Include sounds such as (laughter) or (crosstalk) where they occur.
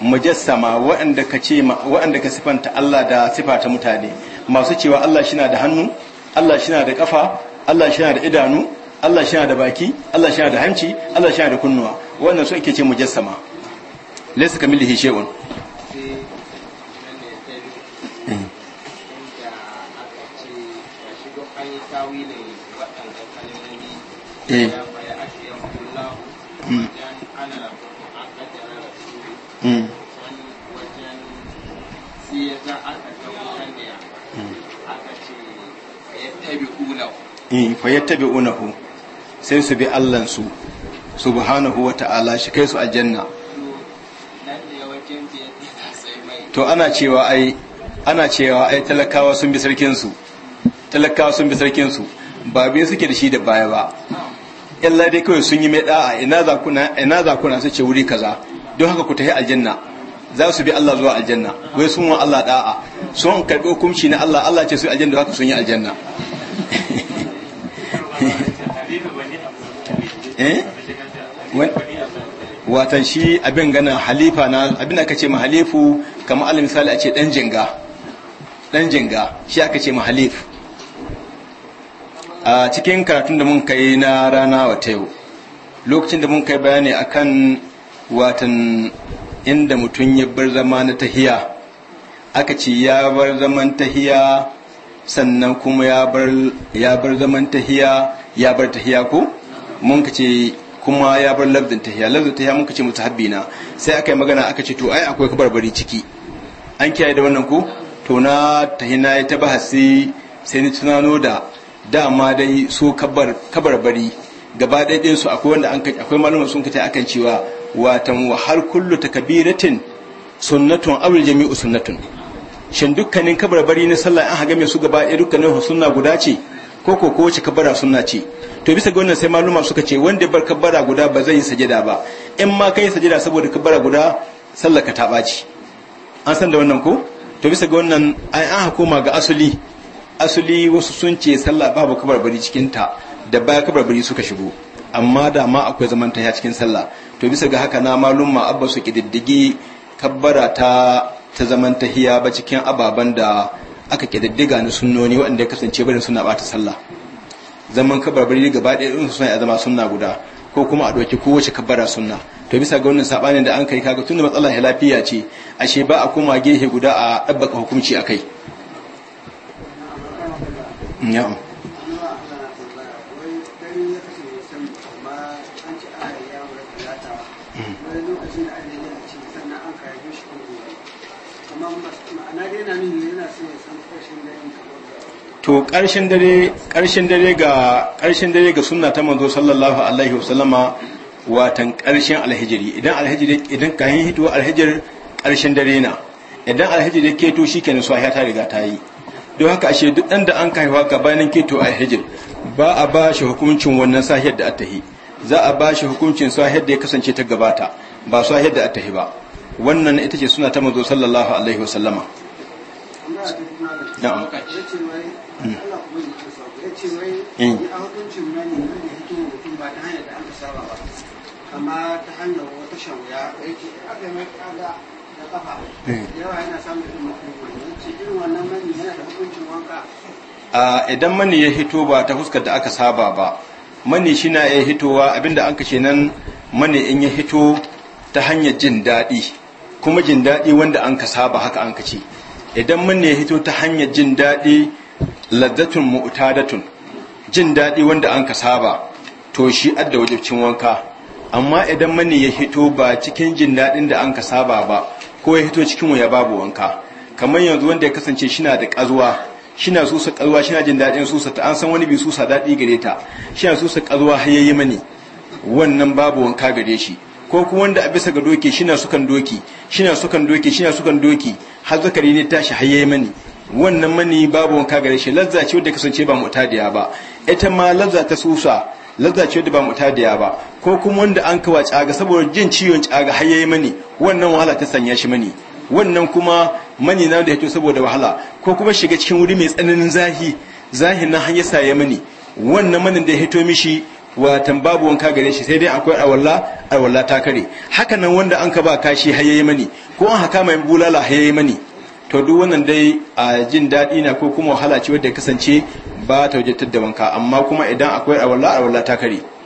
mujassama waɗanda ka ce waɗanda ka sifanta Allah da sifa ta mutane masu cewa Allah shi na da hannu Allah shi na da kafa Allah shi na da idanu Allah shi na da baki Allah shi na da hanci Allah shi na da kunnuwa wannan su ake ce mujassama laysa kamilihi shay'un eh Mm. sai unahu eh, sai su bi allansu subhanahu wa ta'ala shi kai su aljanna to ana cewa ai ana cewa ai talakawa sun bi sarkinsu talakawa sun bi sarkinsu ba biyu suke da shi da baya ba illa dai kawai sun yi mai da'a ina za kuna ina za kuna su ce wuri kaza don haka ku a aljanna za su bi Allah zuwa aljanna wai sun wa Allah da'a sun karbi hukunci na Allah Allah ce su aljanna haka sun yi aljanna (laughs) eh? watan shi abin gana halifa na abin aka ce ma halifu kamar alal misali a ce dan jinga dan jinga shi aka ce ma halif a cikin karatun da mun kai na rana wata yau lokacin da mun kai bayani akan watan inda mutum ya bar zama na tahiya aka ce ya bar zaman tahiya sannan kuma ya bar zaman tahiya ya bar tahiya ko mun ka ce kuma ya bar labdin tahiya labdin tahiya mun ka ce mutu habbina sai aka yi magana aka ce to ai akwai kabarbari ciki an kiyaye da wannan ko to na tahina ya ta bahasi sai ni tunano da dama dai su kabarbari gaba ɗaya su akwai wanda akwai malamin sun ka ta akan cewa watan wa har kullu takbiratin sunnatun awil jami'u sunnatun shin dukkanin kabarbari na sallah an haga mai su gaba ɗaya dukkanin sunna guda ce ko ko ko wace kabara sunna ce to bisa ga wannan sai maluma suka ce wanda bar kabara guda ba zai yi sajada ba in ma kai sajada saboda kabara guda sallah ka ta ɓaci an san da wannan ko to bisa ga wannan ai an koma ga asali asali wasu sun ce sallah babu kabarbari cikinta da baya kabarbari suka shigo amma da ma akwai zamanta ya cikin sallah to bisa ga haka na malumma abba su kididdigi kabbara ta ta zaman tahiya ba cikin ababen da aka kididdiga na sunnoni waɗanda ya kasance barin suna bata sallah zaman bari gaba ɗaya irin suna ya zama sunna guda ko kuma a ɗauki kowace kabbara sunna to bisa ga wannan sabanin da an kai kaga tunda matsalar lafiya ce ashe ba a koma gehe guda a ɗabbaka hukunci akai Yeah. sannan an kayan shi kuma amma ma'ana dai na yana so ya san ƙarshen to ƙarshen dare ƙarshen dare ga ƙarshen dare ga sunna ta manzo sallallahu alaihi wa wasallama watan ƙarshen alhijiri idan alhijiri idan kayan hito alhijir ƙarshen dare na idan da keto shikenan su ta riga ta yi don haka ashe duk ɗan da an kaiwa ka bayan keto alhijir ba a ba shi hukuncin wannan sahiyar da yi za a ba shi hukuncin sahiyar da ya kasance ta gabata ba su yadda a tahi ba wannan ita ce suna ta mazo sallallahu alaihi wasallama hmm. Hmm. idan mani ya hito ba ta fuskar da aka saba ba mani shi na ya hitowa abinda an kashe nan mani in ya hito ta hanyar jin daɗi kuma jin daɗi wanda an ka saba haka an ka ce idan mun ne hito ta hanyar jin daɗi laddatun mu'tadatun jin daɗi wanda an ka saba to shi adda wajibcin wanka amma idan mun ya hito ba cikin jin daɗin da an ka saba ba ko ya hito cikin ya babu wanka kamar yanzu wanda ya kasance shina da shi shina susa shi shina jin daɗin susa ta an san wani bi susa daɗi gare ta shina susa kazuwa har yayi mani wannan babu wanka gare shi ko kuma wanda a bisa ga doki shina sukan doki shina sukan doki shina sukan doki har zakari ne tashi haye mani wannan mani babu wanka gare shi lazza ce wadda kasance ba mu'tadiya ba ita ma lazza ta susa lazza ce wanda ba mu'tadiya ba ko kuma wanda an kawa tsaga saboda jin ciwon tsaga haye mani wannan wahala ta sanya shi mani wannan kuma mani na da yato saboda wahala ko kuma shiga cikin wuri mai tsananin zahi zahi na hanyar saye mani wannan manin da ya hito mishi watan babu wanka gare shi sai dai akwai awalla awalla ta kare haka nan wanda an ka ba kashi hayayi mani ko an haka mai bulala hayayi mani to duk wannan dai a jin daɗi na ko kuma wahala ce wadda kasance ba ta wajen da wanka amma kuma idan akwai awalla awalla ta kare